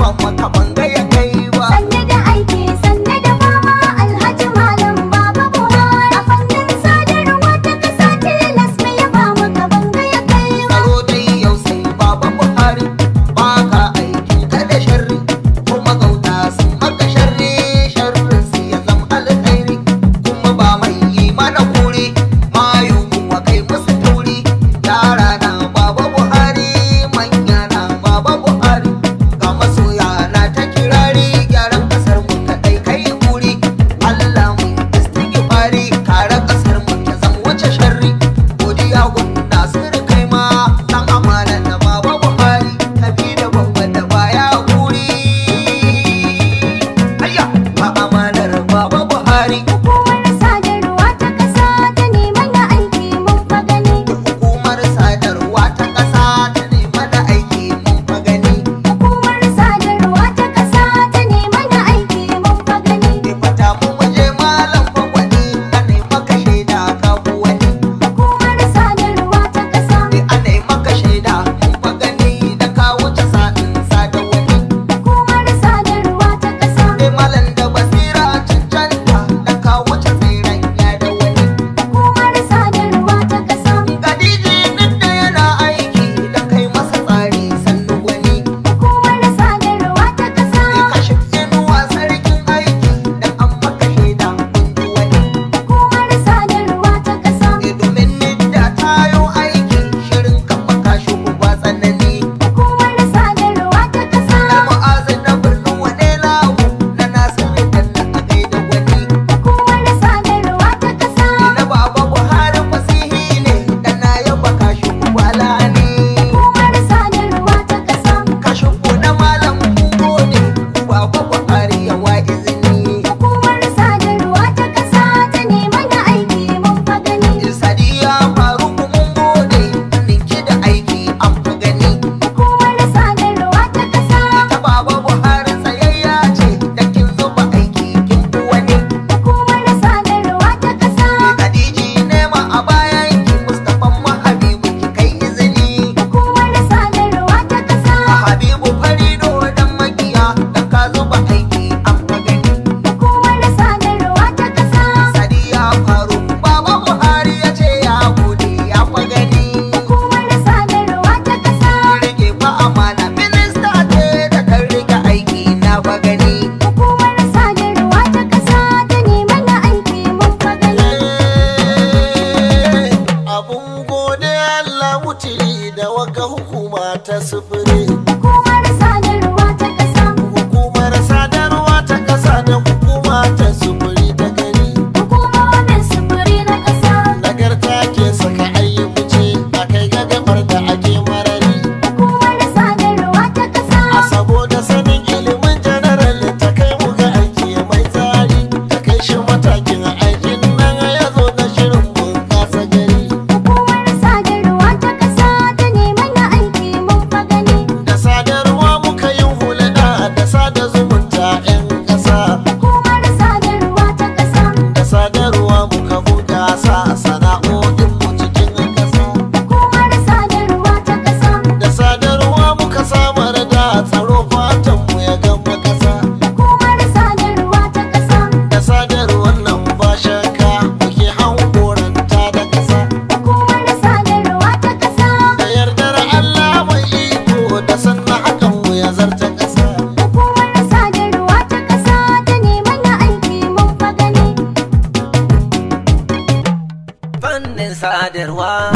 妈妈，她忘带盐。a sufi what.